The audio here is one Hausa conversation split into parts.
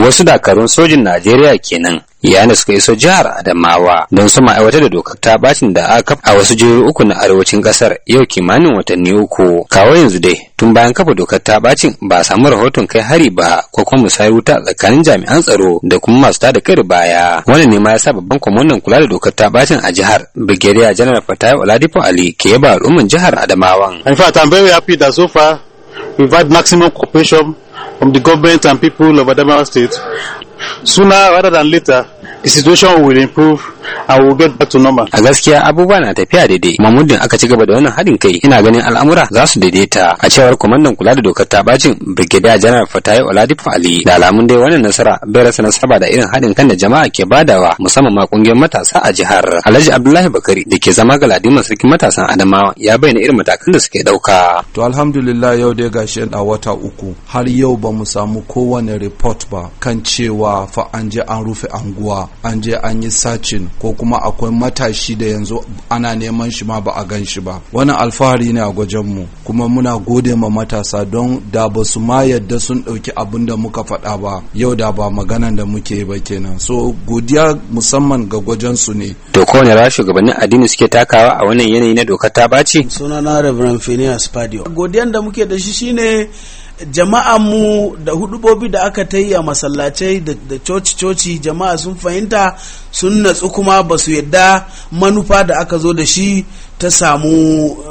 Wasu dakarun sojin Najeriya kenan yayin da suka iso jihar Adamawa don su aiwatar da dokar ta bacin da aka a wasu jihohi uku na arewacin kasar yau kimanin watanni uku. Kawo yanzu dai tun bayan kafa dokar ta bacin ba a samu rahoton kai hari ba ko kuma musayar wuta tsakanin jami'an tsaro da kuma masu tada kai baya. Wannan ne ma ya sa babban kwamandan kula da dokar ta bacin a jihar Brigadier General Fatayi Oladipo Ali ke yaba al'umman jihar Adamawa. In We've had maximum cooperation from the government and people of Adamawa State sooner rather than later the situation will improve and will get back to normal. A gaskiya abubuwa na tafiya daidai, mamudin aka ci gaba da wannan haɗin kai ina ganin al'amura za su daidaita a cewar kwamandan kula da dokar ta bacin Brigadier General Fatayi Oladipo Ali da alamun dai wannan nasara bai rasa nasaba da irin haɗin kan da jama'a ke badawa musamman ma kungiyar matasa a jihar. Alhaji Abdullahi Bakari da ke zama galadiman sarkin matasan Adamawa ya bayyana irin matakan da suke ɗauka. To alhamdulillah yau dai gashi a wata uku har yau ba mu samu kowane report ba kan cewa fa an je an rufe anguwa an je an yi sacin ko kuma akwai matashi da yanzu ana neman shi ma ba a gan shi ba wannan alfahari ne a mu kuma muna gode ma matasa don da ba su ma yadda sun ɗauki abin da muka faɗa ba yau da ba maganan da muke ba kenan so godiya musamman ga gwajen su ne to ko ne shugabannin addini suke takawa a wannan yanayi na dokar ta baci. sunana reverend phineas padio godiyan da muke da shi shine Jama'an mu da hudubobi da aka ta yi a masallacai da coci-coci jama'a sun fahimta sun natsu kuma ba su yadda manufa da aka zo da shi ta samu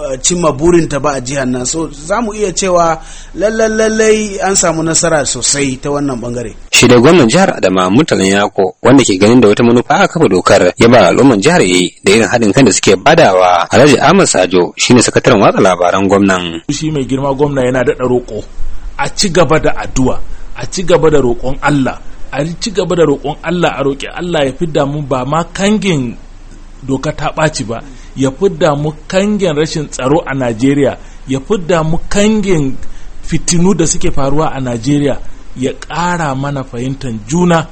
eh, cimma burinta ba a jihar nan so za mu iya cewa lallai an samu nasara sosai ta wannan bangare. shi da gwamnan jihar adama murtala yako wanda ke ganin da wata manufa a kafa dokar ya ba al'umman jihar yayi da irin haɗin kan da suke badawa alhaji ahmad sajo shine sakataren watsa labaran gwamnan. shi mai girma gwamna yana daɗa roƙo a ci gaba da addu'a a ci gaba da roƙon Allah a ci gaba da roƙon Allah a roƙi Allah ya fidda mu ba ma kangin doka ta ɓaci ba ya fidda mu kangin rashin tsaro a Najeriya ya fidda mu kangin fitinu da suke faruwa a Najeriya ya ƙara mana fahimtar juna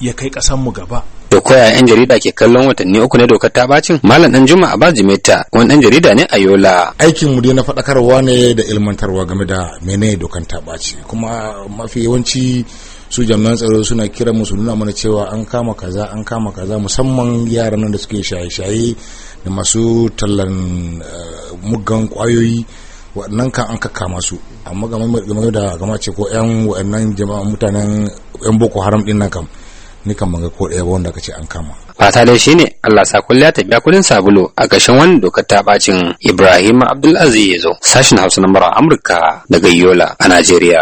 ya kai ƙasanmu gaba koya yan jarida ke kallon watanni uku na dokar ta bacin malam dan juma'a ba jimeta wani dan jarida ne a yola aikin mu dai na faɗakarwa ne da ilmantarwa game da menene dokar ta baci kuma mafi yawanci su jami'an tsaro suna kira mu nuna mana cewa an kama kaza an kama kaza musamman yaran nan da suke shaye-shaye da masu tallan eh, muggan kwayoyi waɗannan kan an kaka su amma game da gama ce ko 'yan waɗannan jama'a mutanen 'yan boko haram ɗin nan kam ni kan ga ko ɗaya ba wanda kace an kama fata dai shine Allah sa kulliya ta biya kullun sabulu a kashin wani dokar ta bacin Ibrahim Abdulaziz sashin Hausa na Amurka daga Yola a Najeriya